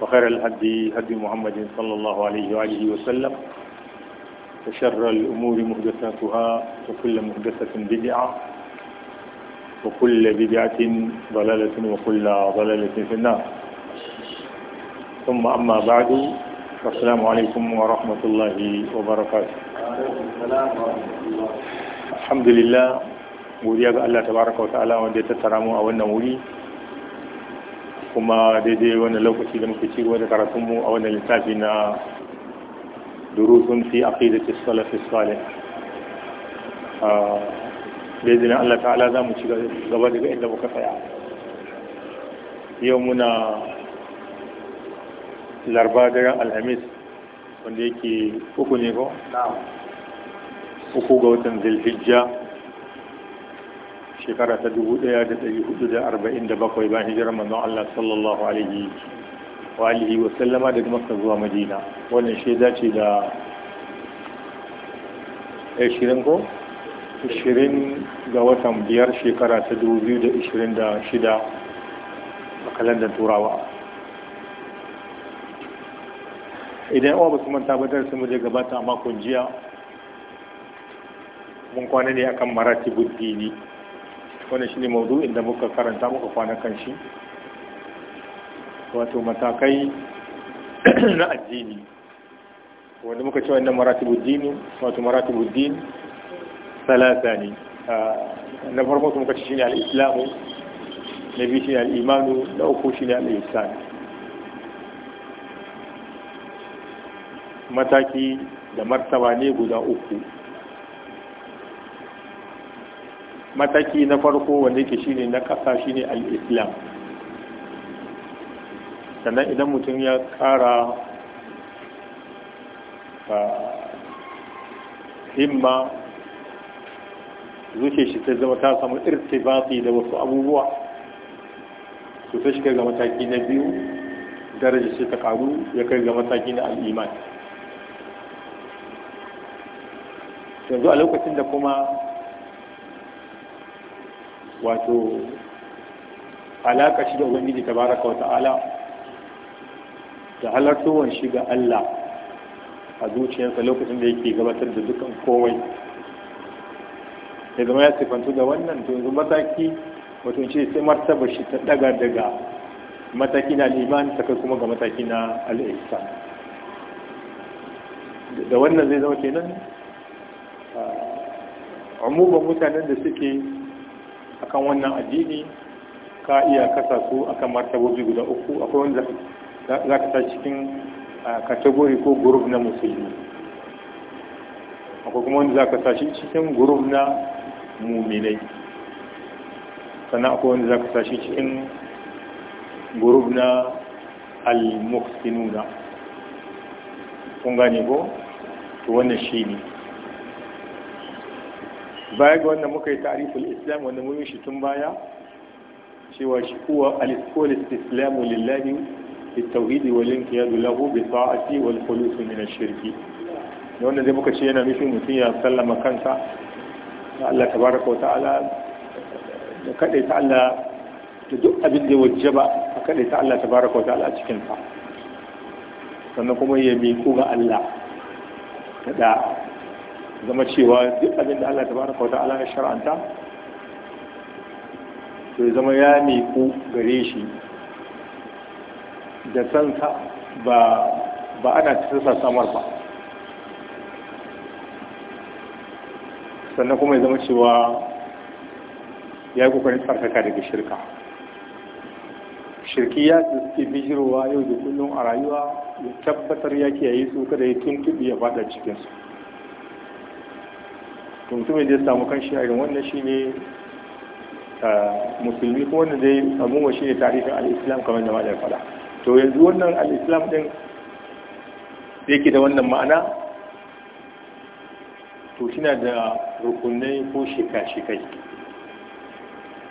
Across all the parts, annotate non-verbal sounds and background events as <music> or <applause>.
وخير الهدي هدي محمد صلى الله عليه وآله وسلم وشر الأمور محدثاتها وكل محدثة بدعة وكل بدعة ضلالة وكل ضلالة في النار ثم أما بعد فالسلام عليكم ورحمة الله وبركاته الحمد لله godiya الله تبارك وتعالى wa ta'ala wanda ya kuma daidai wani lokaci da muke ci da karatunmu a wannan littafi na durusun fi aqidati salafi salih ah, da izinin Allah ta'ala za mu ci gaba daga inda muka tsaya yau muna larba daren alhamis wanda yake uku ne ko ga watan zilhijja shekara ta 1447 bayan hijirar manzon Allah sallallahu alaihi wa alihi wa sallama daga Makka zuwa Madina wannan shi shaida ce da 20 ko 20 ga watan biyar shekara ta 2026 a kalandar turawa idan uwa ba su manta ba darsa mu je gabata a makon jiya mun kwana ne akan maratibul dini Wani shi ne maudu'in da muka karanta muka kwana kan shi wato matakai <clears throat> na addini wanda muka ce wannan maratibu dini wato maratibu din salasa ne na farko su muka ce shi ne al'islamu na biyu shi ne al'imanu, na uku shi ne al'islamu mataki da martaba ne guda uku mataki na farko wanda yake shine na ƙasa shine al-islam sannan idan mutum ya ƙara himma zuce shi ta zama ta samu irtibati da wasu abubuwa su ta shiga ga mataki na biyu daraja shi ta karu ya kai ga mataki na al'imani yanzu a lokacin da kuma wato alaƙa shi da ubangiji tabaraka wa ta'ala da halartowar shi ga Allah a zuciyarsa lokacin da yake gabatar da dukkan komai ya zama ya sifantu da wannan to yanzu mataki wato ce sai martaba shi ta daga daga mataki na liman ta kai kuma ga mataki na al'ihsan da wannan zai zama kenan umuban mutanen da suke akan wannan addini ka iya kasa su akan martabobi guda uku akwai wanda za ka sa cikin kategori ah, ko gurub na musulmi akwai kuma wanda za ka sa cikin gurub na muminai sannan akwai wanda za ka sa cikin gurub na al-muhsinuna kun gane ko to wannan shi ne baya ga wannan muka yi ta'riful islam wanda mun yi shi tun baya cewa shi kuwa al-istiqlal istislamu lillahi بالتوحيد والانقياد له بالطاعة والخلوص من الشرك wannan da muka ce yana nufin mutum ya sallama kansa da Allah tabaraka wa ta'ala da kaɗai ta Allah da duk abin da wajaba a kaɗai ta Allah tabaraka wa ta'ala a cikin sa sannan kuma ya miƙo ga Allah da zama cewa duk abin da Allah tabaraka wata'ala ya shar'anta to ya zama ya miku gare shi da san ba ba ana tsasa samar ba sannan kuma ya zama cewa ya yi kokarin tsarkaka daga shirka shirki ya suke bijirwa yau da kullum a rayuwa ya tabbatar ya kiyaye su kada ya tuntuɓi ya faɗa cikinsu to mutumin da ya samu kan shi a irin wannan shi ne musulmi ko wanda zai wa shi ne tarihin al'islam kamar da malar fada to yanzu wannan al'islam din yake da wannan ma'ana to na da rukunai ko shika-shikai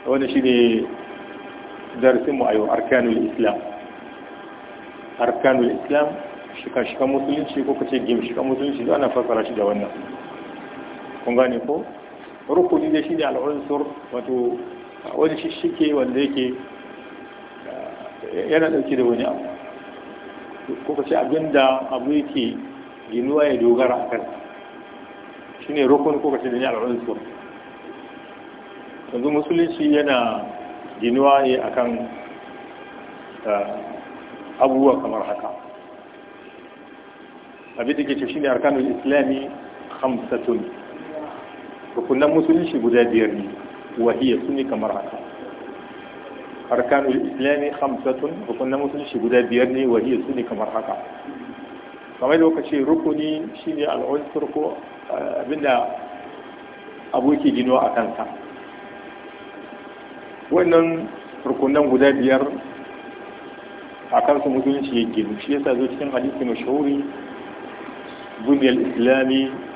wanda shi ne darasinmu a yau arkanul islam arkanul islam shika-shikan musulunci ko kace shika musulunci da ana fassara shi da wannan kun gane ko rukuni da shi ne al'unsur wato wani shishike wanda yake yana dauke da wani abu ko ka ce abin da abu yake ginuwa ya dogara a kan shi ne rukun ko ka ce da ni al'unsur yanzu musulunci yana ginuwa ne akan abubuwa kamar haka abin da ke ce shi ne arkanul islami hamsatun rukunan musulunci guda biyar ne wahiyya su ne kamar haka arkanul islami hamsatun rukunan musulunci guda biyar ne wahiyya su ne kamar haka kamar da kuka ce rukuni shine al'unsur ko eh, abinda aboki gino a kansa wannan rukunan guda biyar a kansu musulunci ya ginu shi yasa zo cikin hadisi mashahuri بني الإسلام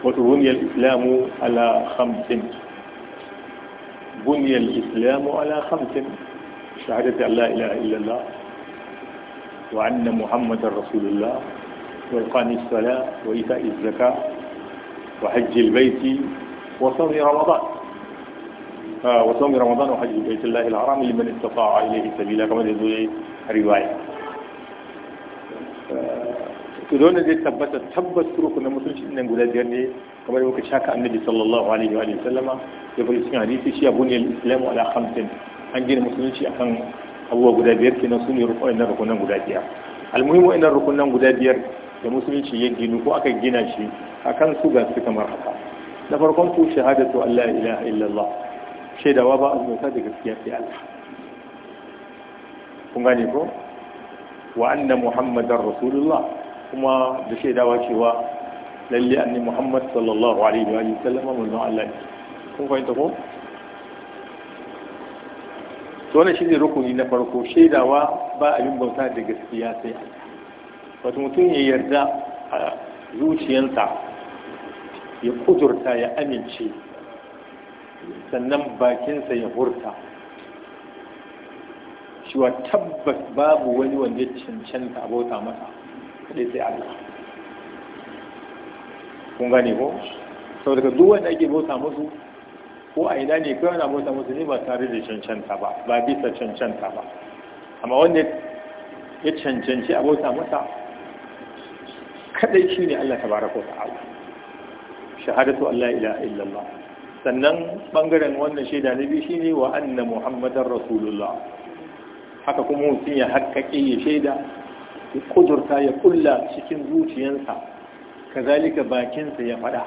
وبني الإسلام على خمس بني الإسلام على خمس شهادة أن لا إله إلا الله وأن محمد رسول الله وإقام الصلاة وإيتاء الزكاة وحج البيت وصوم رمضان آه وصوم رمضان وحج بيت الله الحرام لمن استطاع إليه سبيلا كما يقول الرواية آه، to dole zai tabbata tabbas turku na musulunci nan guda biyar ne kamar da muka shaka annabi sallallahu alaihi wa sallama ya bari cikin hadisi shi abu ne islamu ala khamsin an gina musulunci akan abubuwa guda biyar kenan su ne rukunan rukunan guda biyar almuhimu ina rukunan guda biyar da musulunci ya ginu ko aka gina shi a kan su ga su kamar haka na farkon su shahadatu Allah ilaha illallah shaidawa ba a azumta da gaskiya sai Allah kun gane ko wa anna muhammadar rasulullah kuma da shaidawa cewa lalle annabi Muhammad sallallahu alaihi wa sallam manzon Allah ne kun fahimta ko to wannan shine rukuni na farko shaidawa ba abin bauta da gaskiya sai wato mutum ya yarda a zuciyarsa ya kudurta ya amince sannan bakinsa ya hurta cewa tabbas babu wani wanda ya cancanta bauta masa kaɗai sai Allah kun gane ko sau daga duk wanda ake bauta musu ko a ina ne kawai na bauta musu ne ba tare da cancanta ba ba bisa cancanta ba amma wanda ya cancanci a bauta masa kaɗai shi ne Allah tabaraka wa ta'ala shahadatu Allah ila illallah sannan ɓangaren wannan shaida na biyu shine wa anna muhammadar rasulullah haka kuma mutum ya haƙƙaƙe ya shaida kudurta ya kulla cikin zuciyarsa kazalika bakinsa ya faɗa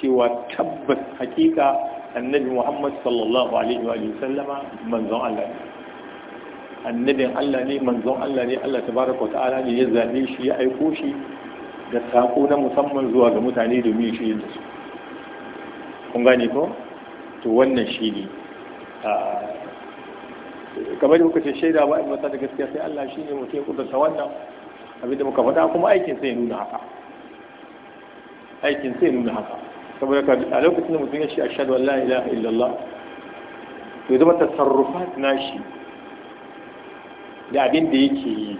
cewa tabbas hakika annabi muhammad sallallahu alaihi wa sallama manzon allah ne annabin allah ne manzon allah ne allah tabaraka wa ta'ala ne ya zabe shi ya aiko shi da sako na musamman zuwa ga mutane domin shi da su kun gane ko to wannan shi ne ah, kamar muka ce shaida ba in da gaskiya sai Allah shi ne mutum ya kudurta wannan abinda muka faɗa kuma aikin sai nuna haka aikin sai nuna haka saboda ka a lokacin da mutum ya shi ashhadu an la ilaha illallah to ya zama tasarrufat shi da abin da yake yi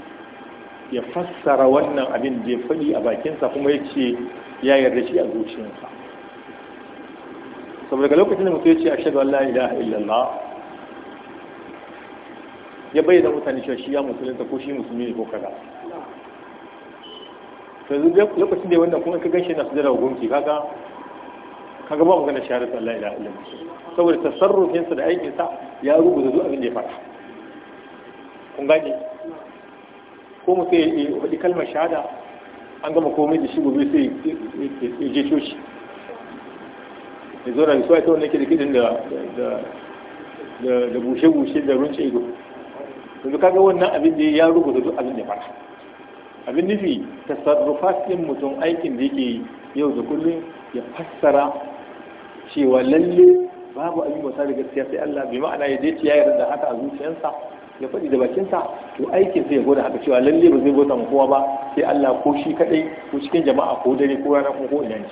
ya fassara wannan abin da ya faɗi a bakinsa kuma ya ce ya yarda shi a zuciyarsa saboda lokacin da mutum ya ce ashhadu an la ilaha illallah ya bayyana mutane cewa shi ya musulun ta, ko shi musulmi ne ko kaza yanzu lokacin da ya wannan kuma ka ganshi na sujada wa gunki kaga kaga ba magana shahadatu Allah ila ila saboda sa da aikinsa ya rubuta duk abin da ya faɗa kun gane ko mu sai ya faɗi kalmar shahada an gama komai da shi gobe sai ya je coci ya zo na risuwa ta wanda ke da kiɗin da bushe-bushe da runce ido to ga wannan abin da ya rubuta duk abin da fara abin nufi ta din mutum aikin da yake yau da kullum ya fassara cewa lalle babu abin wasa da gaskiya sai Allah bi ma'ana ya je ya yarda haka a zuciyarsa ya faɗi da bakinsa to aikin sai ya gode haka cewa lalle ba zai gota mu kowa ba sai Allah ko shi kaɗai ko cikin jama'a ko dare ko rana ko ko ina ne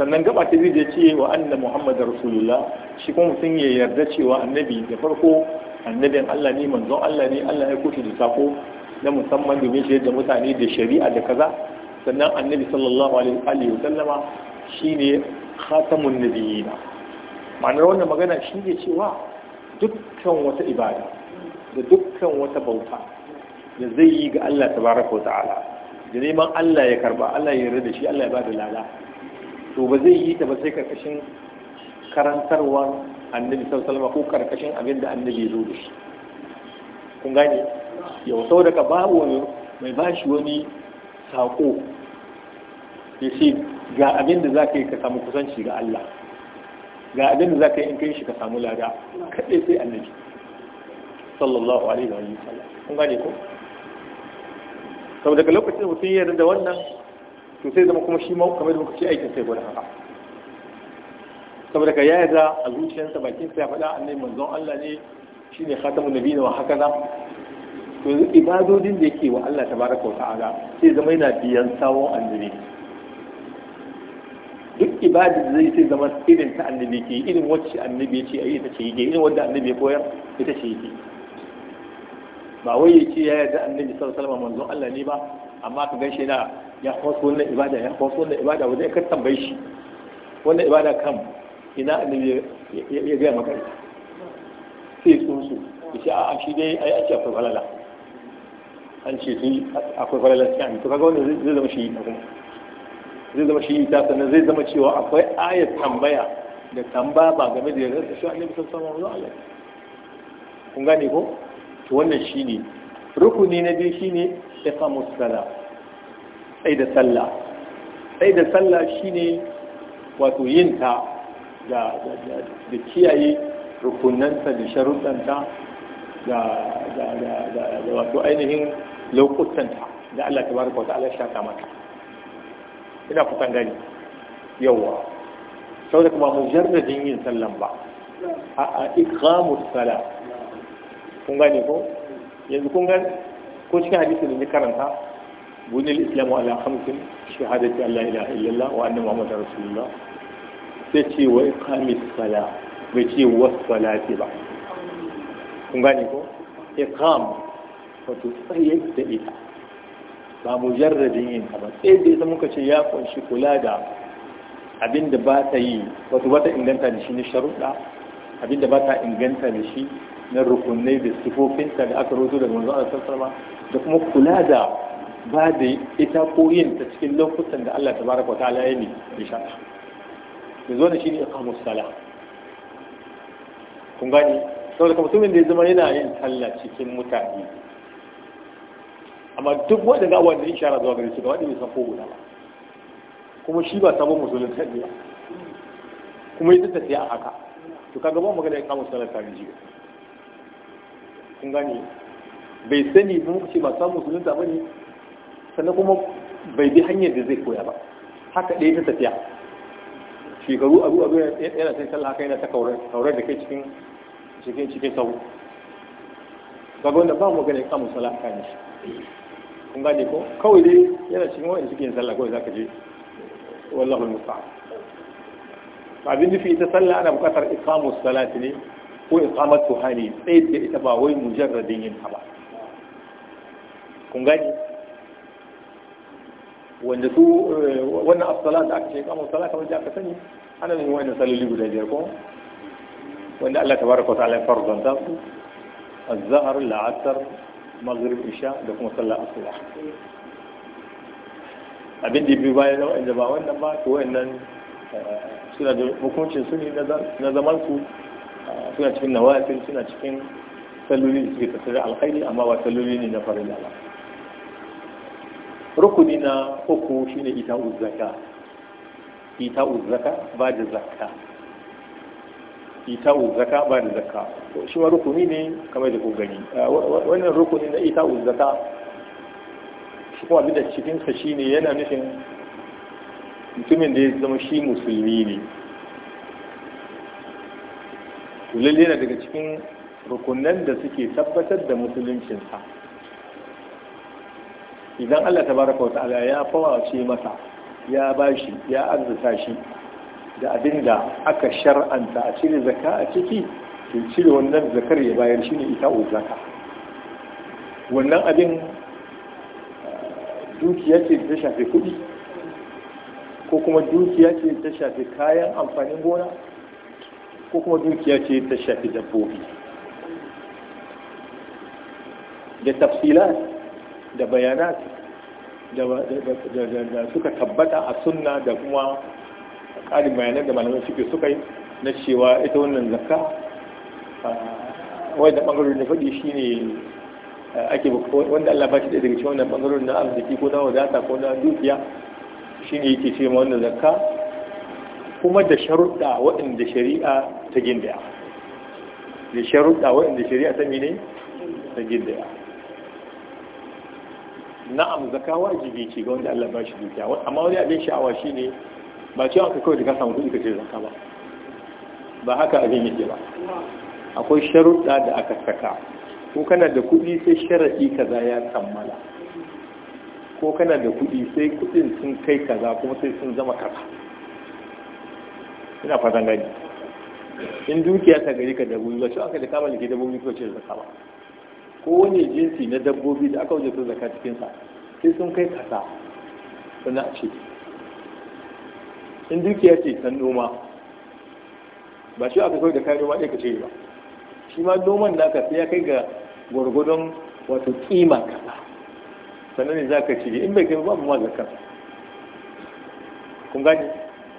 sannan gaba ta zai je ce wa anna muhammadar rasulullah shi kuma mutum ya yarda cewa annabi da farko annabin Allah ne manzon Allah ne Allah ya kuce da sako na musamman domin shi da mutane da shari'a da kaza sannan annabi sallallahu alaihi wa sallama shine khatamun nabiyina ma'anar wannan magana shi ne cewa dukkan wata ibada da dukkan wata bauta da zai yi ga Allah tabaraka wa ta'ala da neman Allah ya karba Allah ya yarda da shi Allah ya bada lada to ba zai yi ta ba sai karkashin karantarwar annabi sallallahu ko karkashin abin da annabi ya zo da shi kun gane yau sau daga babu mai bashi wani sako ya ce ga abin da za ka yi ka samu kusanci ga Allah ga abin da za ka yi in kai shi ka samu lada kaɗai sai annabi sallallahu alaihi wa sallam kun gane ko sau daga lokacin mutum ya da wannan to sai zama kuma shi ma kamar da muka ce aikin sai gwada haka saboda ka yaya da a zuciyarsa bakinsa ya faɗa annai manzon Allah ne shi shine khatamun nabiyina wa hakaza to ibadodin da yake wa Allah tabaraka wa ta'ala sai zama yana biyan sawon annabi duk ibadar da zai sai zama irin ta annabi ke irin wacce annabi ya ce a yi ita ce yake irin wanda annabi ya koyar ita ce yake ba wai ya ce ya yarda annabi sallallahu alaihi wasallam manzon Allah ne ba amma ka gaishe na ya kwaso wannan ibada ya kwaso wannan ibada wanda ya ka tambayi shi wannan ibada kan ina annabi ya gaya maka ita sai sun ya ce a shi dai ai ake akwai falala an ce sun akwai falala sai an to kaga wannan zai zama shi ta kuma zai zama shi ta sannan zai zama cewa akwai ayat tambaya da tambaya ba game da yarda shi annabi sallallahu alaihi wasallam kun gane ko to wannan shine rukuni na biyu shine iqamus sala sai da sallah sai da sallah shine wato yin ta da kiyaye rukunanta da sharuɗanta da wato ainihin lokutanta da Allah ta baraka wata Allah shaƙa mata ina kusan gani yawa sau da kuma mujarradin yin sallan ba a iqamus sala kun gani ko yanzu kun gani ko cikin hadisi da ni karanta bunil islamu ala khamsin shahadati Allah ilaha illallah wa anna muhammadar rasulullah sai ce wa ikamis sala bai ce wa salati ba kun gane ko iqam wato tsaye da ita ba mu jarrabin yin ta ba sai dai ita muka ce ya kunshi kula da abinda ba ta yi wato ba ta inganta da shi na sharuɗa abinda ba ta inganta da shi na rukunai da sifofinta da aka rozo daga manzo Allah sallallahu da kuma kula da ba da ita ko yin ta cikin lokutan da Allah tabaraka wa ta'ala ya ne ya shafa da shi ne a musala kun gani saboda kuma mutumin da ya zama yana yin sallah cikin mutane amma duk ga abubuwan ya shara zuwa gare su ga ya san ko guda ba kuma shi ba sabon musulun tabiya kuma yi ta tafiya a haka to kaga ba magana ya kama salar tare jiya kun gani bai sani ba muka ce ba samun musulun ta bane sannan kuma bai bi hanyar da zai koya ba haka ɗaya ta tafiya shekaru abu abu yana sai sallah haka yana ta kaurar da kai cikin cikin cikin sau kaga wanda ba mu gane kamun sallah ka ne kun gane ko kawai dai yana cikin wa'in cikin sallah kawai zaka je wallahu musta'an abin nufi ita sallah ana buƙatar iqamus salati ne ko iqamatu hali tsaye da ita ba wai mujarradin yin ta ba kun gane wanda su eh, wannan asala da aka ce kama sala kamar da aka sani ana yin wani salili guda biyar ko wanda Allah tabaraka wa ta'ala ya farzanta su azhar zahr al-asr maghrib isha da kuma sallar asuba abin da bi bayan nan da ba wannan ba to wayannan eh, suna da hukuncin su ne na zaman su ah, suna cikin nawafil suna cikin salloli da suke tattare alkhairi amma ba salloli ne na farilla ba rukuni na uku shine ita uzaka, ita uzaka ba da zakka ita uzaka ba da zakka to shi wa rukuni ne kamar da ku gani ah, wannan rukuni na ita uzaka, shi kuma abin da cikin sa shine yana nufin mutumin da ya zama shi musulmi ne lalle yana daga cikin rukunan da suke tabbatar da musuluncinsa idan Allah baraka wa ta'ala ya fawace masa ya bashi ya arzuta shi da abin da aka shar'anta a cire zaka a ciki to cire wannan zakar ya bayar shi ne ita o zaka wannan abin eh, dukiya ce ta shafi kuɗi ko kuma dukiya ce ta shafi kayan amfanin gona ko kuma dukiya ce ta shafi dabbobi da tafsilat da bayanat da suka tabbata a sunna da kuma ƙarin bayanan da malamai suke suka yi na cewa ita wannan zakka da ɓangarorin na faɗi shi ne ake wanda Allah ba shi da daga cikin wannan ɓangarorin na arziki ko na wadata ko na dukiya shi ne yake ce ma wannan zakka kuma da sharuɗa waɗanda shari'a ta gindaya da sharuɗa waɗanda shari'a ta mene ta gindaya na'am zaka wajibi ce ga wanda Allah ba shi dukiya amma wani abin sha'awa shi ne, ba cewa wanka kawai da ka samu kuɗi ka ce zaka ba ba haka abin yake ba akwai sharuɗa da aka saka ko kana da kuɗi sai sharaɗi kaza ya kammala ko kana da kuɗi sai kuɗin sun kai kaza kuma sai sun zama kaza ina fatan gani in dukiya ta gari ka da ba ce wanka da kama da ke da wuri ko ce zaka ba Ko wani jinsi na dabbobi da aka wajata zaka cikinsa sai sun kai kasa suna ce in dukiya ce kan noma ba shi aka kai da kayan noma ɗaya ka ce ba shi ma noman naka sai ya kai ga gwargwadon wato kima kasa sannan ne za ka cire in bai kai babu ma zaka kun gani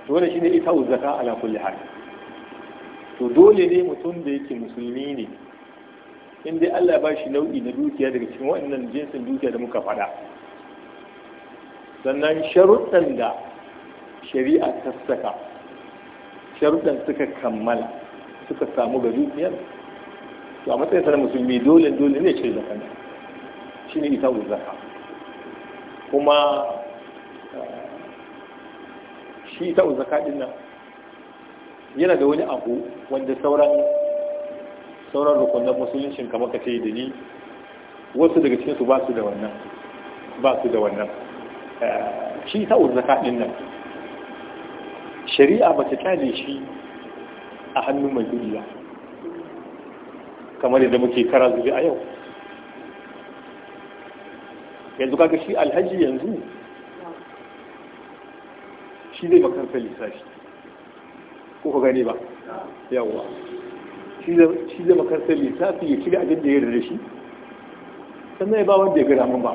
to wannan shine ita zaka ala kulli hal to dole ne mutum da yake musulmi ne in dai Allah ya bashi nau'i na dukiya daga cikin wa'annan jinsin dukiya da muka faɗa sannan sharuɗan da shari'a ta saka sharuɗan suka kammala suka samu ga dukiyar to a matsayin sa na musulmi dole dole ne ce zakana shine ita zaka kuma shi ita zaka din nan yana da wani abu wanda sauran sauran rukunan musuluncin kamar ka ce da ni wasu daga cikinsu ba su da wannan ba su da wannan eh, shi ta uzzaka din nan shari'a ba ta kyale shi a hannun mai duniya kamar yadda muke kara zuri a yau yanzu kaga shi alhaji yanzu shi zai makarfa lissafi ko ka gane ba yawwa shi zai makarsa lissafi ya shiga abin da ya rarra shi sannan ya ba wanda ya gada mun ba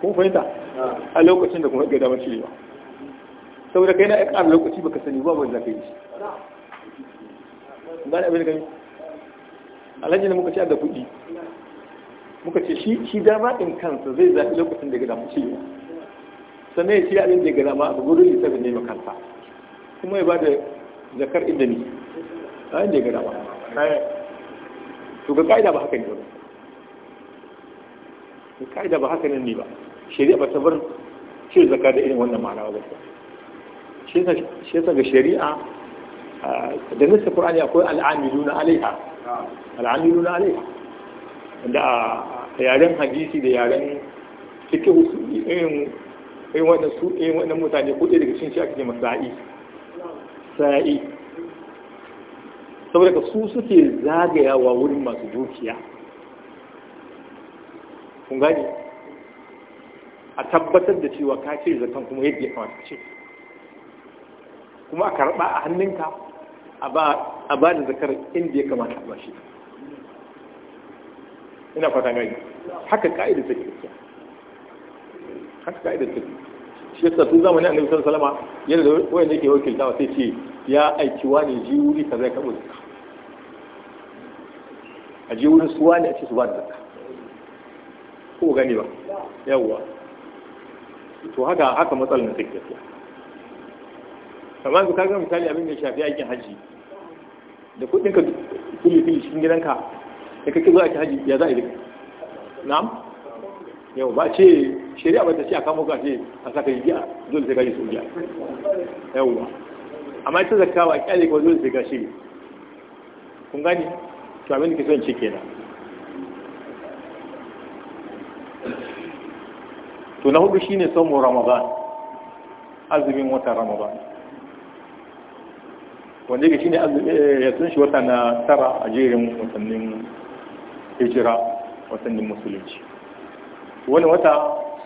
Kuma fahimta a lokacin da kuma gada damar shi ba saboda kai na ya ƙara lokaci baka sani ba wanda zafi yi ba gane abin da gani A ne muka ci da kuɗi muka ce shi shi dama in kansa zai zaɓi lokacin da ga mun shi ba sannan ya shirya abin da ya gada ma a gurin lissafin ne makarsa kuma ya ba da zakar inda ne a yadda ya gada ba to ga ka'ida ba haka ne ba ka'ida ba haka ne ba shari'a ba ta bar cire zaka da irin wannan ma'ana ba gaskiya shi yasa ga shari'a da nasa qur'ani akwai al'amiluna alaiha al'amiluna alaiha da a yaren hadisi da yaren cikin irin irin wannan su irin wannan mutane ko daga cikin shi ake masa'i sa'i saboda ka su suke zagayawa wurin masu dukiya kun gani a tabbatar da cewa ka ce zaton kuma yadda ya kamata ce kuma a karɓa a hannunka a ba da zakar inda ya kamata a bashi ina fata gani haka ka'idar take haka ka'idar take shi yasa tun zamanin annabi sallallahu alaihi wasallam yana da wanda yake wakiltawa sai ce ya aiki wani ji wuri ka zai kabo zakka a ji wurin su wani a ce su ba da zakka ko gani ba yawwa to haka haka matsalar na take tafiya kamar ka ga misali abin da ya shafi aikin haji da kudin ka kuli kuli cikin gidanka da kake zuwa aikin haji ya za a yi na'am yau ba ce shari'a ba ta ce a kamo ka ce a saka yi giya zuwa sai ka soja yau ba amma ita zaka ba kyale ko zuwa sai gashi kun gani to abin da ke son ce kenan to na hudu shine son mu ramadan azumin watan ramadan wanda yake shine eh, ya sun shi wata na tara a jerin watannin hijira watannin musulunci wani wata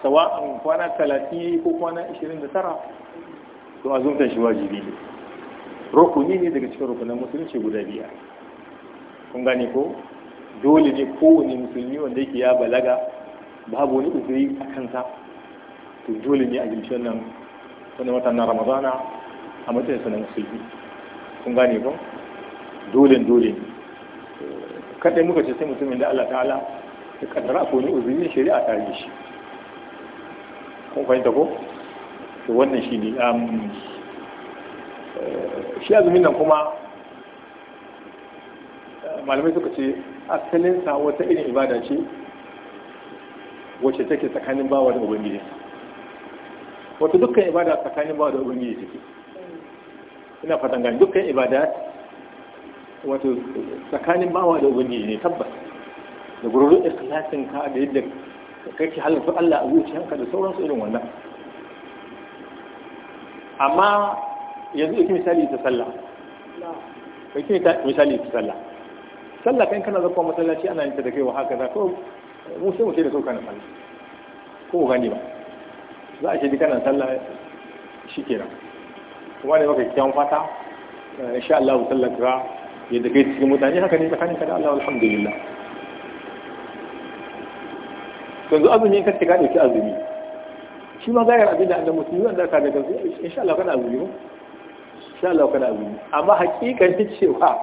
sawa'an kwana talatin ko kwana ishirin da tara to shi wajibi ne rukuni ne daga cikin rukunan musulunci guda biyar kun gane ko dole ne kowane musulmi wanda yake ya balaga babu wani uzuri a kansa to dole ne a jirgin nan wani watan na ramadana a matsayin sanar musulmi kun gane ko dole dole kadai muka ce sai mutumin da Allah ta'ala da kaddara ko ne uzurin shari'a ta yi shi kun fahimta ko to wannan shi ne um, eh, shi azumin nan kuma eh, malamai suka ce sa wata irin ibada ce wacce take tsakanin bawa da ubangiji wata dukkan ibada tsakanin bawa da ubangiji take ina fatan gani dukkan ibada wato tsakanin bawa da ubangiji ne tabbas da gurbin ikhlasin ka da yadda kake halittu Allah a zuciyanka da sauransu irin wannan amma yanzu yake misali ta sallah yake misali ta sallah sallah kan kana zakwa masallaci ana yin ta da kai wa haka za ko mu sai da sauka na sallah ko gani ba za a ce kana sallah shikenan kuma ne maka kyan fata insha Allah sallah ka yadda kai cikin mutane haka ne tsakaninka da Allah alhamdulillah yanzu azumi kan ka ɗauki azumi shi ma gayar abin da annabi musulmi wanda ka daga su insha Allah kana azumi insha Allah kana azumi amma hakikan ta cewa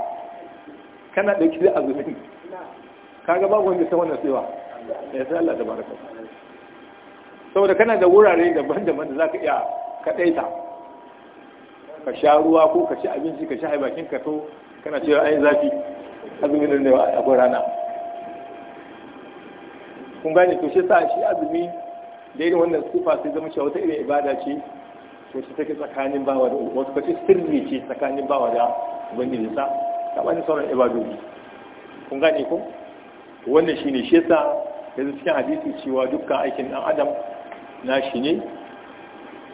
kana ɗauki da azumi kaga babu wanda ta wannan tsewa ya sa Allah baraka saboda kana da wurare daban-daban da zaka iya kaɗaita ka sha ruwa ko ka ci abinci ka sha haibakin ka to kana cewa ai zafi azumin da ne a rana kun gane to shi sa shi azumi da irin wannan sufa sai zama shi wata irin ibada ce to ta take tsakanin bawa da wasu kace sirri ce tsakanin bawa da ubangiji sa bani sauran ibadoji kun gane ko wannan ne shi yasa yanzu cikin hadisi cewa dukkan aikin dan adam na shi ne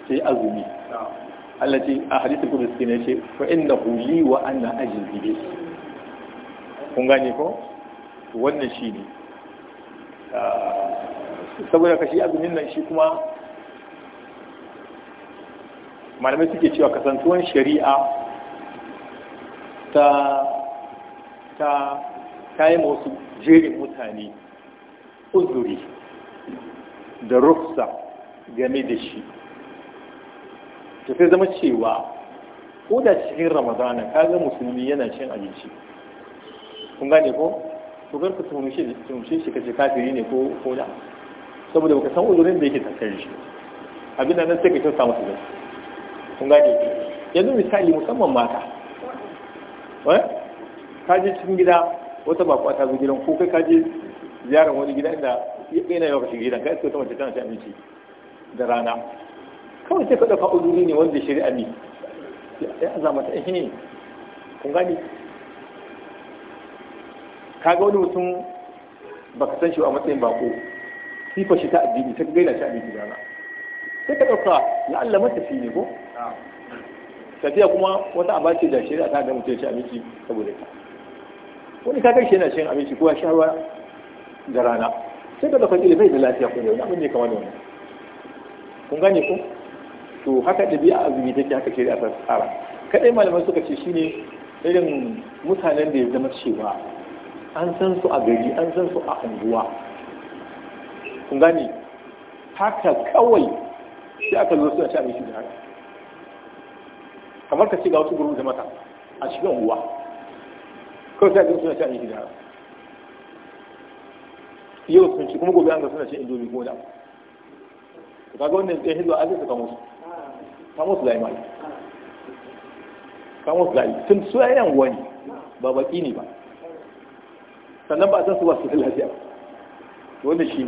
sai azumi Allah ce a hadisi kudu suke ne ce fa inna huli wa ana ajin bihi kun gane ko wannan shi ne. saboda ka shi azumin nan shi kuma malamai suke cewa kasantuwan shari'a ta ta ta yi wasu jerin mutane uzuri da rufsa game da shi ta sai zama cewa ko da cikin ramadana ka musulmi yana cin abinci kun gane ko to kar ka shi ka ce kafiri ne ko ko da saboda baka san uzurin da yake tattare shi abin da nan sai ka kyauta musu gaske kun gane yanzu misali musamman mata eh? ka je cikin gida wata bakwa ta zo gidan ko kai ka je ziyarar wani gida inda yana yawa kashe gidan kai sai wata mace tana ci abinci da rana kawai sai ka ɗauka uzuri ne wanda shari'a ne ya zama ta ihe eh, eh. kun gane ka ga wani mutum ba ka san shi a matsayin bako sifar shi ta addini ta gaina shi a biki rana sai ka ɗauka ya Allah matafi ne ko tafiya kuma wata aba ce da shari'a ta ga mutum shi abinci saboda ta wani ka kai shi yana cin abinci ko sha ruwa da rana sai ka ɗauka ilimai da lafiya ko yau abin ne kamar da wani. kun gane ko to haka ɗabi'a azumi take haka shari'a ta tsara kaɗai malamai suka ce shine irin mutanen da ya zama cewa an san su a gari an san su a unguwa kun gani haka kawai sai aka zo suna ci abinci da haka kamar ka ce ga wasu gurbin jama'a a cikin unguwa kawai sai aka suna ci abinci da haka yau sun ci kuma gobe an ga suna ci indomi ko da kaga wannan tsaye hizo a zai su kamo su kamo su zai mai kamo su zai tun su yayan wani ba baki ne ba sannan ba a san su ba su da lafiya to wannan shi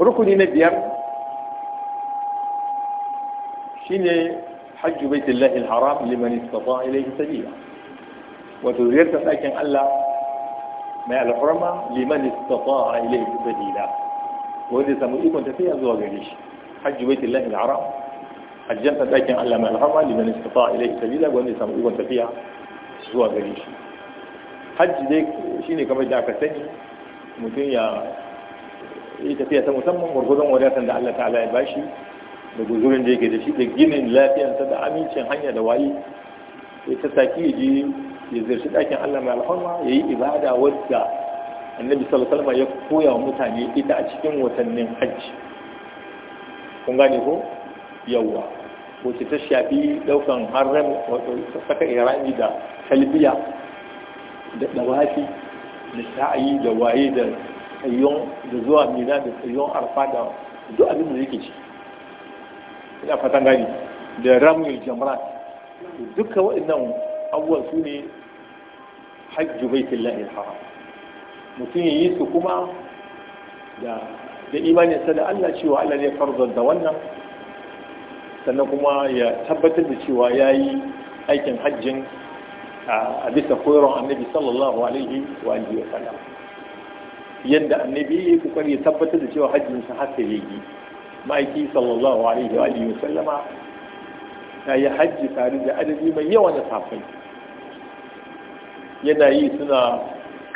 rukuni na biyar shi shine hajju baitullahi al-haram liman istata ilai sabila wato ziyartar ɗakin Allah mai alfarma liman istata ilai sabila wanda samu ikon tafiya zuwa gare shi hajju baitullahi al-haram hajjan ɗakin Allah mai alfarma liman istata ilai sabila wanda samu ikon tafiya zuwa gare shi hajji dai shine kamar da aka sani mutum ya yi tafiya ta musamman gwargwadon wadatan da Allah ta'ala ya bashi da guzurin da yake da shi da ginin lafiyarsa da amincin hanya da wayi ya saki ya je ya ziyarci ɗakin Allah mai alfarma ya yi ibada wadda annabi sallallahu ya koya wa mutane ita a cikin watannin hajji kun gane ko yawwa wacce ta shafi daukan harram wato saka irani da kalbiya da dawafi da sa'ayi da waye da tsayon da zuwa mina da tsayon arfa da duk abin da yake ci ina fatan gani da ramul jamrat duka waɗannan abubuwan su ne hajji bai baitullahi haram mutum ya yi su kuma da imaninsa da Allah cewa Allah ne da wannan sannan kuma ya tabbatar da cewa ya yi aikin hajjin a bisa koyarwar annabi sallallahu alaihi wa alihi wa sallam yadda annabi ya yi kokari ya tabbatar da cewa hajjin sa haka ya yi ma'aiki sallallahu alaihi wa alihi wa sallama ta yi hajji tare da adadi mai yawa na safai yana yi suna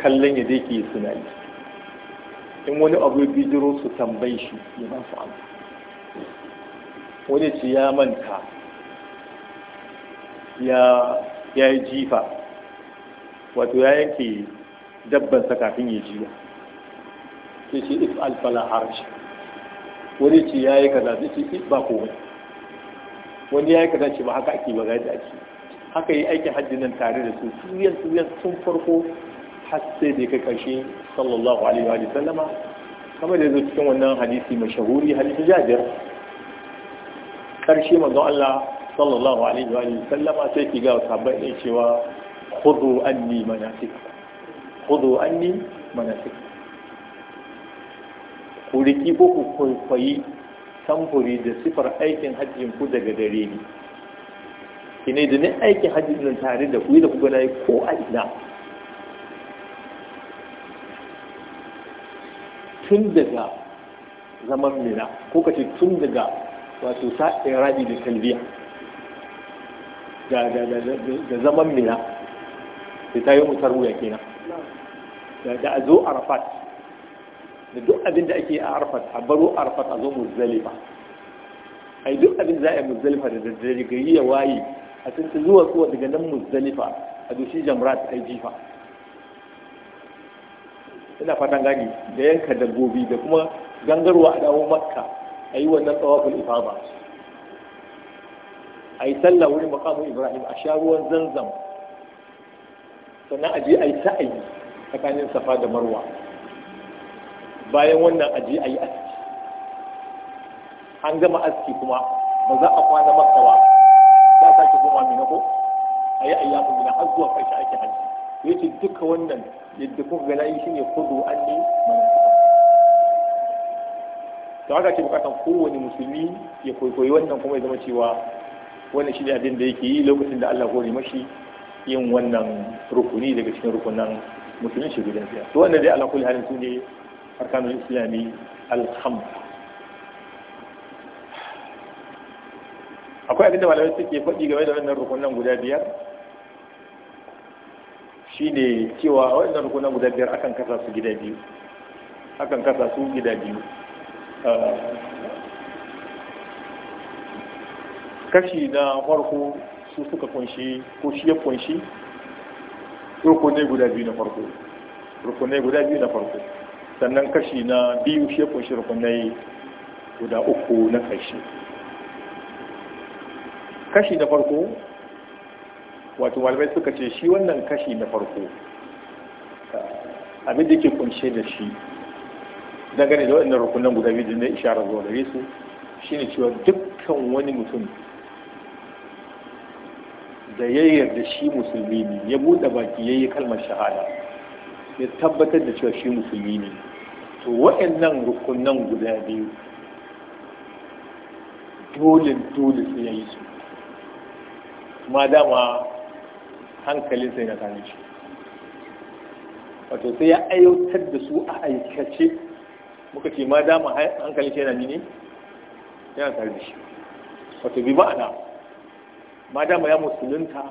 kallon yadda yake suna yi in wani abu ya bijiro su tambayi shi ya ba su amsa wani ce ya manta ya yi jifa wato ya yanke dabbansa kafin ya jiya sai ce if alfala harashi wani ce ya yi kaza sai ce if eh, ba ko wani ya yi kaza ce ba haka ake ba gaji ake haka yi aikin hajji nan tare da su turiyan turiyan sun farko har sai da kai karshe sallallahu alaihi wa sallama kamar da zo cikin wannan hadisi mashahuri hadisi jabir karshe manzon Allah sallallahu alaihi wa sallama sai ki ga sahabbai ne cewa khudhu anni manasik khudhu anni manasik ku riki ko ku kwaikwayi samfuri da sifar aikin hajjin ku daga gare ni kine da ni aikin hajjin nan tare da ku da ku gana ko a ina tun daga zaman mina ko kace tun daga wato ta irabi da talbiya da zaman mina da ta yi mutar wuya kenan da a zo arafat da duk abin da ake a arafat a baro arafat a zo muzdalifa ai duk abin za a yi muzalifa da daddare gari ya waye a tuntun zuwa zuwa daga nan muzalifa a doshi jamrat a jifa ina fatan gani da yanka dabbobi da kuma gangarwa a dawo makka a yi wannan tsawafin ifaba a yi sallah wurin makamun ibrahim a sha ruwan zanzam sannan a je a yi sa'ayi tsakanin safa da marwa bayan wannan a je a yi aski an gama aski kuma ba za a kwana maka ba za a sake koma mina ko a yi ayyafu mina har zuwa karshe ake hajji yace duka wannan yadda kuka ga nayi shine kudu an ne to haka ce bukatan kowane musulmi ya kwaikwayi wannan kuma ya zama cewa wannan shi ne abin da yake yi lokacin da Allah hore mashi yin wannan rukuni daga cikin rukunan shi gudan siya to wannan dai Allah kulli halin su ne arkanul islami alham akwai abin da malamai suke faɗi game da wannan rukunan guda biyar Shi ne cewa wannan rukunan guda biyar akan kasa su gida biyu akan kasa su gida biyu kashi na farko su suka kunshi ko shi ya kunshi rukunai guda biyu na farko rukunai guda biyu na farko sannan kashi na biyu shi ya kunshi rukunai guda uku na kashi kashi na farko wato malamai suka ce shi wannan kashi na farko abin da ke kunshe da shi dangane da waɗannan rukunan guda biyu da ishara zuwa gare su shine cewa dukkan wani mutum da ya yarda shi musulmi ne ya buɗe baki ya yi kalmar shahada ya tabbatar da cewa shi musulmi ne to waɗannan rukunan guda biyu dole dole sai ya yi su ma dama hankalinsa na kane shi wato sai ya aiwatar da su a aikace muka ce ma dama hankali shi na nini yana tarbi. shi wato bi ma'ana ma dama ya musulunta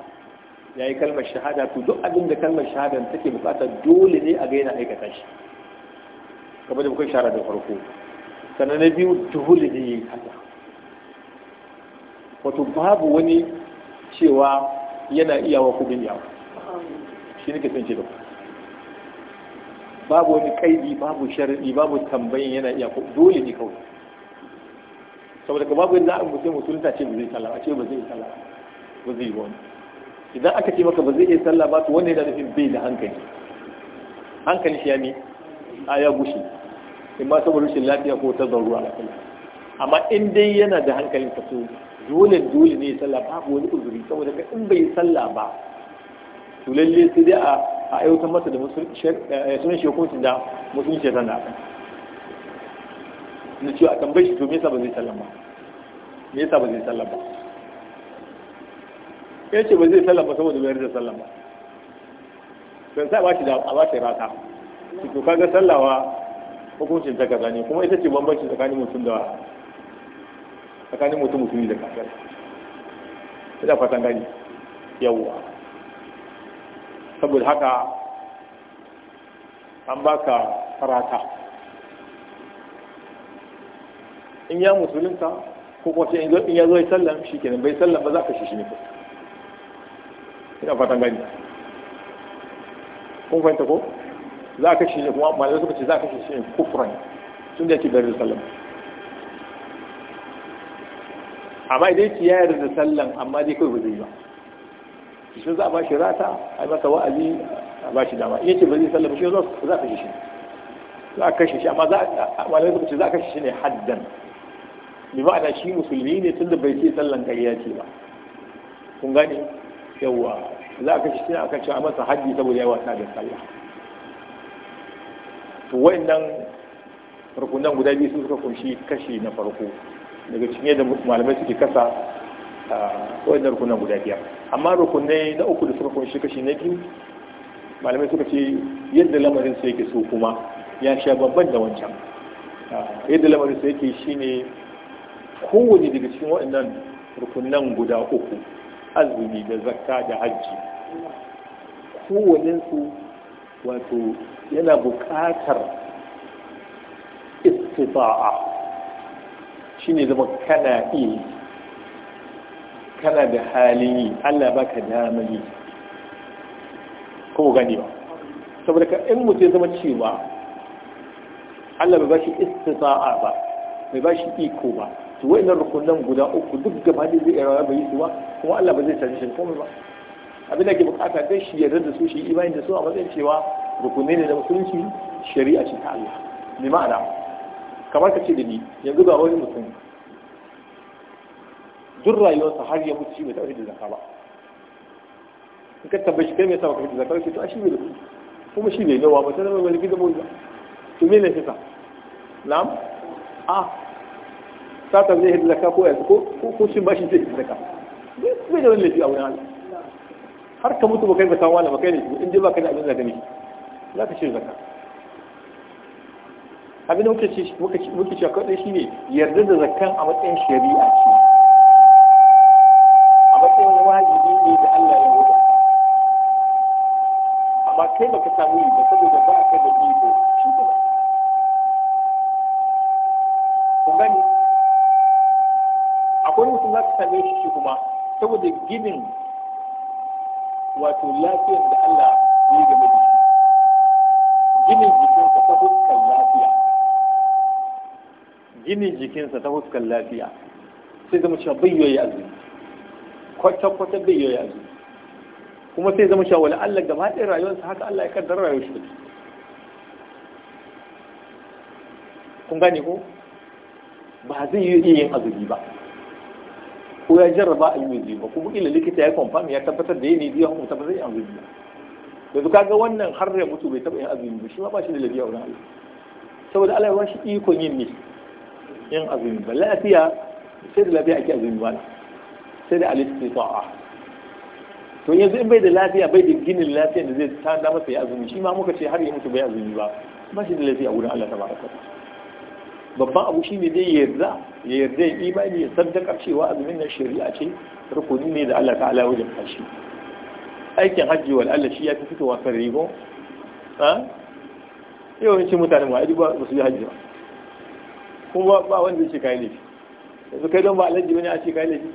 ya yi kalmar shahada to duk abin da kalmar shahada take bukatar dole ne a gaina aikata shi kamar da bukai shara da farko sannan na biyu dole ne ya yi haka wato babu wani cewa yana iyawa ko bin yawa shi ne ke san ce da ku babu wani kaidi babu sharri babu tambayin yana iya dole ne kawai saboda ka babu yadda an mutum ta ce ba zai sallah a ce ba zai sallah ba zai yi wani idan aka ce maka ba zai iya sallah ba to wanda yana nufin bai da hankali hankali shi ya ne a ya gushe in ma saboda rashin lafiya ko ta zaruwa a sallah amma in dai yana da hankalin ka so dole dole ne ya sallah babu wani uzuri saboda ka in bai sallah ba to lalle sai dai a a aiwatar masa da eh, sunan shi hukuncin da shi ya a na cewa a tambayi shi to me yasa ba zai sallan ba me yasa ba zai sallan ba ya ce ba zai sallan ba saboda bayar da sallan ba ban sa ba shi da ba shi rata to kaga sallawa hukuncin ta kaza ne kuma ita ce bambanci tsakanin mutum da tsakanin mutum mutumi da kafir ina fatan gani yawwa saboda haka an baka farata. in ya musulunta ko kuma in ya zo ya sallam shi kenan bai sallam ba za ka shi shi ne ina fatan gani kun fahimta ko za ka shi ne kuma malamai suka ce za ka shi shi ne kufuran tun da yake bayar da sallam amma idan ki ya yarda da sallan amma dai kawai ba zai ba shi za a ba shi rata a yi masa wa'azi a ba shi dama in yace ba zai sallama shi za a kashe shi za a kashe shi amma za a malamai suka ce za a kashe shi ne haddan bi ma'ana shi musulmi ne tun da bai ce sallan kariya ce ba kun gane yawa za a kashe shi ne a kashe a masa haddi saboda yawa ta da sallah to wayannan rukunan guda biyu sun suka kunshi kashi na farko daga cikin yadda malamai suke kasa wayannan rukunan guda biyar amma rukunai na uku da suka kunshi kashi na biyu malamai suka ce yadda lamarin su yake so kuma ya sha babban da wancan ah, yadda lamarin su yake shine kowane daga cikin waɗannan rukunan guda uku azumi da zakka da hajji kowanensu wato yana buƙatar istifa'a shine zama kana iya kana da halin yi Allah baka damar yi ko gani ba saboda ka in mutum zama cewa Allah bai bashi istisa'a ba bai bashi iko ba to nan rukunan guda uku duk gaba ne zai yara bai yi su ba kuma Allah ba zai tashi shi komai ba abin da ke bukata dai shi yarda da su shi imani da su a matsayin cewa rukunai ne da musulunci shari'a ce ta Allah ne ma'ana kamar ka ce da ni yanzu ga wani mutum duk rayuwarsa har ya mutu shi bai taɓa da zaka ba in ka tabbaci kai mai sama da fitar zakka to a shi mai da kuɗi kuma shi bai yawa ba ta zama wani gida mawuyi ba to me lafi sa na'am a satan zai hidda zaka ko ya ko ko shin bashi zai hidda zakka mai da wani laifi a wani Allah har ka mutu ba kai ba san wani ba kai ne in dai ba kai da abin zakka ne za ka shi zakka abin da muke ce muke shi kawai shine yarda da zakkan a matsayin shari'a ce kai baka samu yi ba saboda ba ka da ko shi ba ku gani akwai mutum za ka same shi kuma saboda ginin wato lafiyar da Allah ya yi game da shi ginin jikinsa ta fuskar lafiya ginin jikinsa ta fuskar lafiya sai zama cewa bai yoyi kwata-kwata bayyoyi a azumi kuma sai zama cewa wala Allah gaba ɗaya rayuwarsa haka Allah ya kaddara rayuwar shi kun gane ko ba zai yi iya yin azumi ba ko ya jarraba a yi ba kuma ila likita ya confirm ya tabbatar da yi biyu hukunta ba zai yi azumi ba yanzu kaga wannan har ya mutu bai taɓa yin azumi ba shi ma ba shi da lafiya wurin Allah saboda Allah ya shi ikon yin ne yin azumi ba lafiya sai da lafiya ake azumi ba sai da alistifa'a to yanzu in bai da lafiya bai da ginin lafiya da zai tada masa ya azumi shi ma muka ce har ya mutu bai azumi ba ba shi da lafiya wurin Allah ta baraka babban abu shine dai yarda ya yarda ya imani ya saddaka cewa azumin na shari'a ce rukuni ne da Allah ta'ala wajen kashi aikin hajji wal Allah shi ya fi fitowa kan rigo ha ce mutane ma ba su yi hajji ba kuma ba wanda ya ce kai laifi yanzu kai don ba alhaji bane a ce kai laifi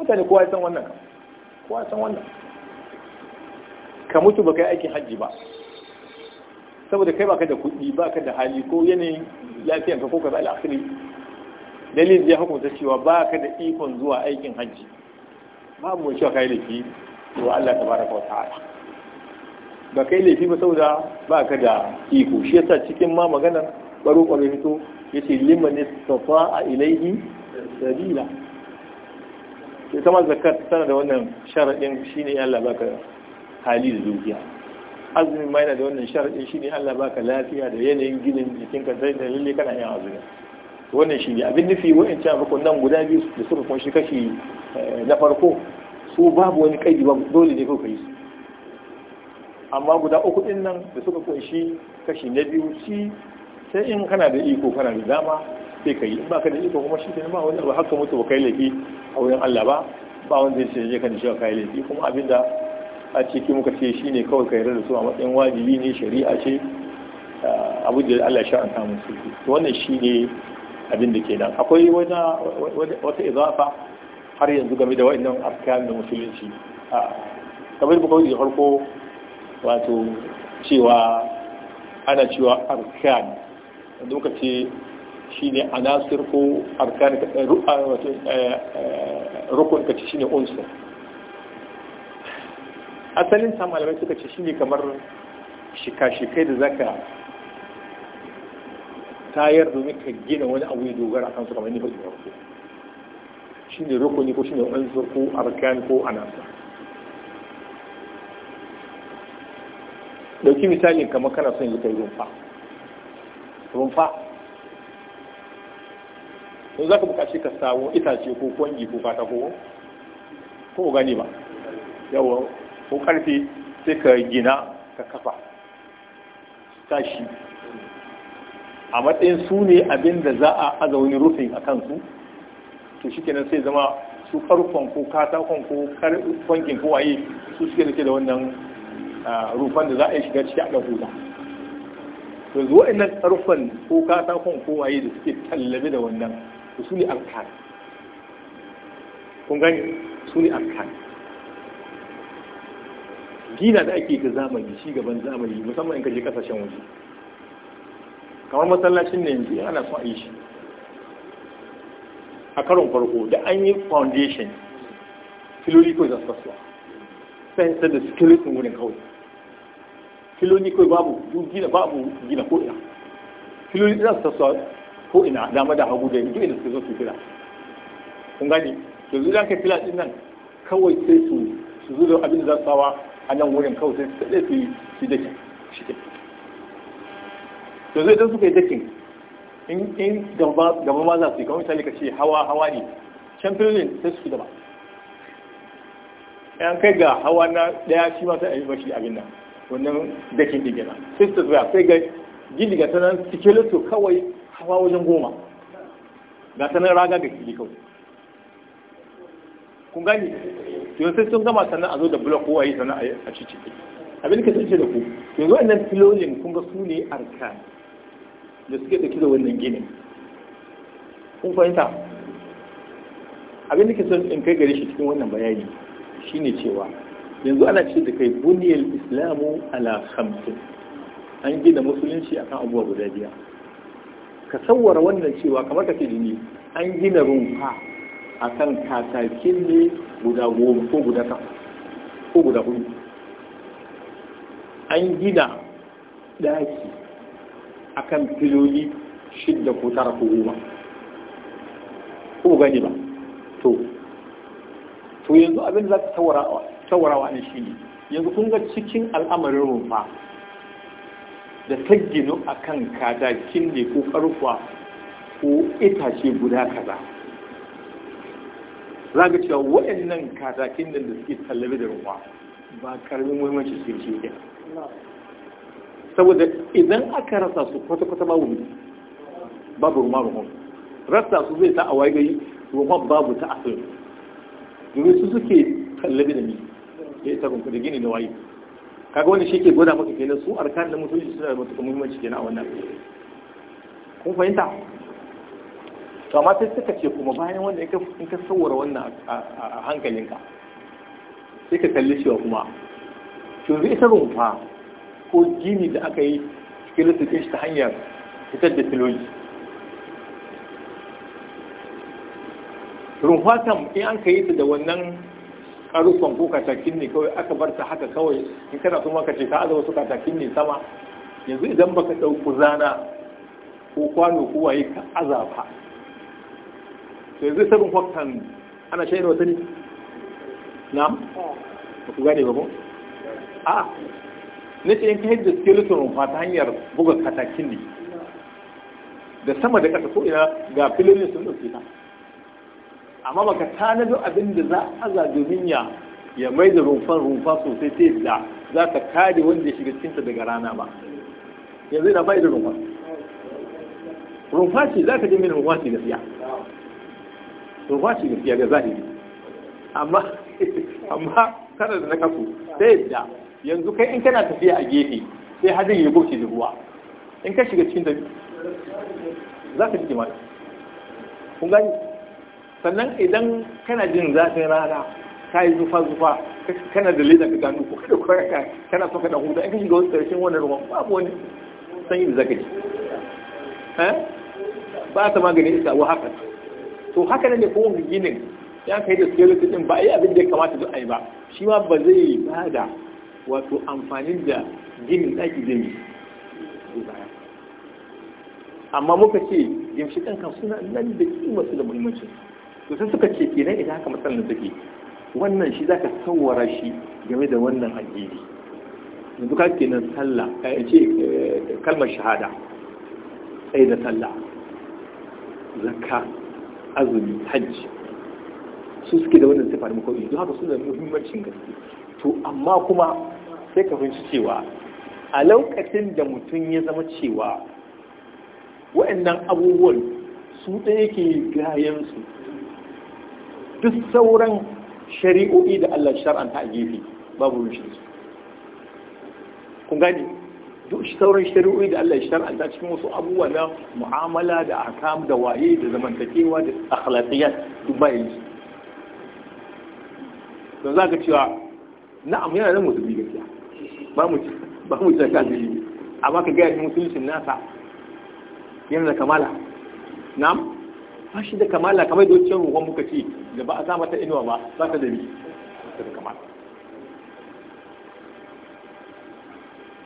mutane kowa ya san wannan kan wannan ka mutu ba kai aikin hajji ba saboda kai baka da kuɗi baka da hali ko yanayin lafiyanka ko zala asiri dalil ya hukunta cewa baka da ikon zuwa aikin hajji babu mai cewa kai laifi to Allah ta baraka wa ta'ala ba kai laifi ba saboda baka da iko shi yasa cikin ma maganar baro kwaro fito yace liman a ilaihi sabila ita ma zakat tana da wannan sharaɗin shine Allah baka hali da zuciya azumin ma yana da wannan sharaɗin shine Allah baka lafiya da yanayin ginin jikinka sai da lalle kana yin azumi wannan shine abin nufi wa'ancan bakon nan guda biyu da suka kunshi kashi eh, na farko su babu wani kaidi ba dole ne kuka yi su amma guda uku din nan da suka kunshi kashi na biyu shi sai in kana da iko kana da dama sai ka yi ba ka da iko kuma shi ne ba wani haka mutu ba kai laifi a wurin Allah ba ba wanda zai ce ka da shi kai laifi kuma abinda a ciki muka ce shi ne kawai ka yarda da su a matsayin wajibi ne shari'a ce ah, abu da Allah sha an samu su wannan shi ne abin da nan akwai wata izafa har yanzu game da wa'annan afkan da musulunci ah, kamar muka wuce farko wato cewa ana cewa arkan wanda muka ce shine anasir ko arkan eh, eh, eh, rukun ka shine unsur asalin sa malamai suka ce shine kamar shika-shikai da zaka tayar domin ka gina wani abu ya dogara kan su kamar ni faɗi farko shine rukuni ko shine unsur ko arkan ko anasir dauki misali kamar kana son yi kai rumfa rumfa to za ka buƙaci ka samu itace ko kwangi ko fata ko ko gani ba yawa ko karfe sai ka gina ka kafa tashi a matsayin su ne abinda za a aza wani rufin a kansu to shi kenan sai zama su karfan ko katakon ko kwangin ko waye su suke da ke da wannan rufan da za a yi shiga ciki a ɗan hula to zuwa inan karfan ko katakon ko waye da suke tallabe da wannan to su ne arkan kun gani su ne arkan gina da ake ta zamani shi gaban zamani musamman in ka je kasashen waje kamar masallacin ne yanzu ana son a yi shi a karon farko da an yi foundation filoli kawai za su fasuwa fensa da skeleton wurin kawai filoli kawai babu gina babu gina ko'ina filoli za su fasuwa ko ina dama da hagu da duk inda suka zo su fila kun gani yanzu zuwa ka fila din nan kawai sai su su zo da abin da za su sawa a nan wurin kawai sai su da su yi su dakin shi ke yanzu don suka yi dakin in gaba ma za su yi kamar misali ka ce hawa hawa ne can filin sai su gaba yan kai ga hawa na ɗaya shi ma sai a yi mashi abin nan wannan dakin digina sai su zuwa sai ga gini ga sanar sikeleto kawai hawa wajen goma ga sanar raga ga fili kawai kun gani yau sai sun gama sannan a zo da blok ko a yi sannan a ci ciki abin ka sace da ku yanzu wannan filolin kun ga su ne arka da suke ɗauki da wannan ginin kun fahimta abin da ke son in kai gare shi cikin wannan bayani shine cewa yanzu ana ce da kai buniyar islamu ala hamsin an gina musulunci akan abubuwa guda biyar ka tsawara wannan cewa kamar ka ce jini an gina rumfa a kan katakin ne guda goma ko guda takwas ko guda hudu an gina daki a kan filoli shidda ko tara ko goma ko gani ba to to yanzu abin da za ka wa ne shi ne yanzu kun ga cikin al'amarin rumfa da ta gino a kan katakin ne ko karfa ko itace guda kaza za ga cewa waɗannan katakin da suke tallabe da ruwa ba karamin muhimmanci su ce ya saboda idan aka rasa su kwata-kwata babu ne babu ruwa ruwa rasa su zai ta a waye gari ruwa babu ta asali domin su suke tallabe da ni ya yi tabbata da gini da waye kaga wani shi ke gwada maka kenan su arkan da mutunci suna da matuƙar muhimmanci kenan a wannan kun fahimta to amma sai suka ce kuma bayan wanda in ka saurara wannan a hankalinka sai ka kalli cewa kuma to zai ita rumfa ko gini da aka yi cikin rasikin shi ta hanyar fitar da filoji rumfa kam in an ka yi ta da wannan karufan ko katakin ne kawai aka bar ta haka kawai in kana kuma ka ce ka aza wasu katakin ne sama yanzu idan baka ɗauki zana ko kwano ko waye ka aza fa to yanzu sabon hokkan ana shayin wata ne na ba ku gane ba ko a na ce yanka yadda skeleton fa ta hanyar buga katakin ne da sama da ƙasa ko ina ga filin sun ɗauke ta amma baka tanado abin da za a za domin ya ya mai da rumfan rumfa sosai sai da za ka kare wanda ya shiga cikinta daga rana ba yanzu ina bai da rumfa rumfa ce za ka je min rumfa ce gaskiya rumfa ce gaskiya ga zahiri amma <laughs> amma kada da na kasu, sai da yanzu kai in kana tafiya a gefe sai hadin ya goce da ruwa in ka shiga cikin ta za ka ji jima kun gani sannan idan kana jin zafin rana ka yi zufa zufa kana da leda ka gano ko da kwaraka kana so ka dan huta in ka shiga wasu karshen wannan ruwan babu wani sanyi da zaka ji eh? ba ta maganin isa wa haka to haka ne ko ginin ya kai da skeleton din ba yi abin da ya kamata duk a yi ba shi ma ba zai ba da wato amfanin da ginin ɗaki zai amma muka ce yamshi ɗan kan suna nan da kima su da muhimmanci to sai suka ce kenan idan haka matsalar take wannan shi zaka sawwara shi game da wannan addini yanzu ka kenan sallah ya eh, ce eh, kalmar shahada sai da sallah zakka azumi hajji su suke da wannan sifar muku yanzu haka suna da muhimmancin gaske to amma kuma sai ka fahimci cewa a lokacin da mutum ya zama cewa wa'annan abubuwan su ɗaya ke gayansu duk sauran shari'o'i da Allah shar'anta a gefe babu rushe su kun gani duk sauran shari'o'i da Allah shar'anta cikin wasu abubuwa na mu'amala da akam da waye da zamantakewa da akhlaqiyat duk ba yi don za ka cewa na'am yana da musulmi gaskiya ba mu ba mu ce ka amma ka ga musulmin nasa yana da kamala na'am bashi da kamala kamar da wancan ruwan muka ce da ba a sa mata inuwa ba za ta da ni ta da kamala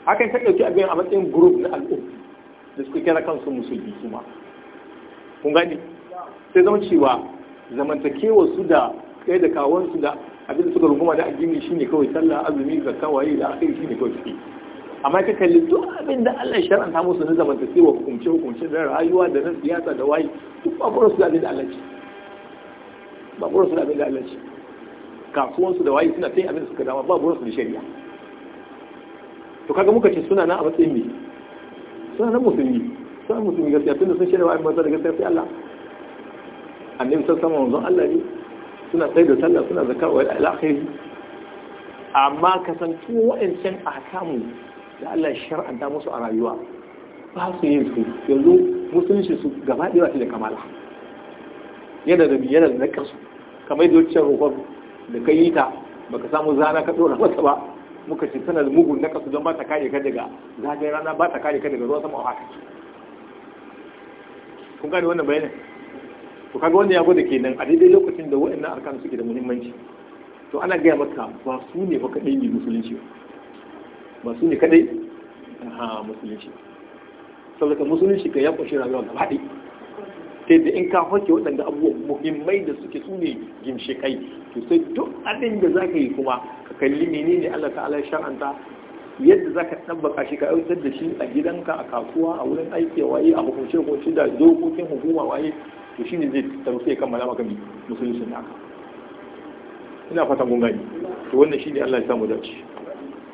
hakan ta ɗauki abin a matsayin group na al'umma da suka kira kansu musulmi kuma kun gani sai zama cewa zamantakewa su da kai da kawansu da abin da suka rukuma da addini shine kawai sallah azumi ga kawaye da akai shine kawai suke amma ka kalli duk abin da Allah ya shar'anta musu na wa hukumce hukumce da rayuwa da na siyasa da wayi duk ba su da abin da Allah ce ba su da abin da Allah ce su da wayi suna sai abin da suka dama ba su da shari'a to kaga muka ce suna nan a matsayin me suna nan musulmi suna musulmi gaskiya tunda sun shirya wa'in maza da gaskiya sai Allah annabi sun sama wanzan Allah ne suna sai da sallah suna zakar wa al'akhiri amma kasantu wa'ancan ahkamu da Allah ya shar'anta musu a rayuwa ba su yin su yanzu musulunci su gaba ɗaya da kamala yana da yana da su kamar da wacce roƙon da ka yi ta baka samu zana ka ɗora masa ba muka ce tana da mugun su don ba ta kare ka daga zagayen rana ba ta kare ka daga ruwan sama a haka kun gane wannan bayanin to kaga wannan ya gwada kenan a daidai lokacin da waɗannan arkan suke da muhimmanci to ana gaya maka ba su ne ba kaɗai ne musulunci ba ba su ne kadai a musulunci saboda musulunci ka ya kunshi rayuwa gaba ɗaya sai da in ka hoke waɗanda abubuwan muhimmai da suke su ne gimshe kai to sai duk abin da za ka yi kuma ka kalli menene Allah ta'ala ya sha'anta yadda za ka tabbaka shi ka aiwatar da shi a gidanka a kasuwa a wurin aiki a waye a hukunce hukunce da dokokin hukuma waye to shine zai tarufe ya kammala maka bi musulunci naka ina fatan kun to wannan shine Allah ya samu dace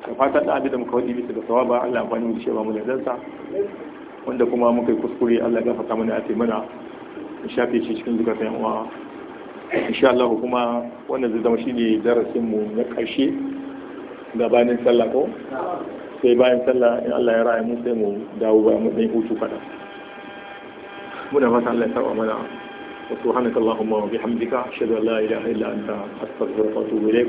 da fatan da abin da muka wadi bisa ga sawaba Allah amfani da shi ba mu da dansa wanda kuma muka yi kuskure Allah ya gafarta mana a ce mana mu shafe shi cikin zukatan yan uwa insha Allah kuma wannan zai zama shine darasin mu na karshe gabanin sallah ko sai bayan sallah in Allah ya raya mu sai mu dawo ba mu dai hutu kada muna fata Allah ya saba mana wa subhanaka allahumma wa bihamdika ashhadu an la ilaha illa anta astaghfiruka wa atubu ilayk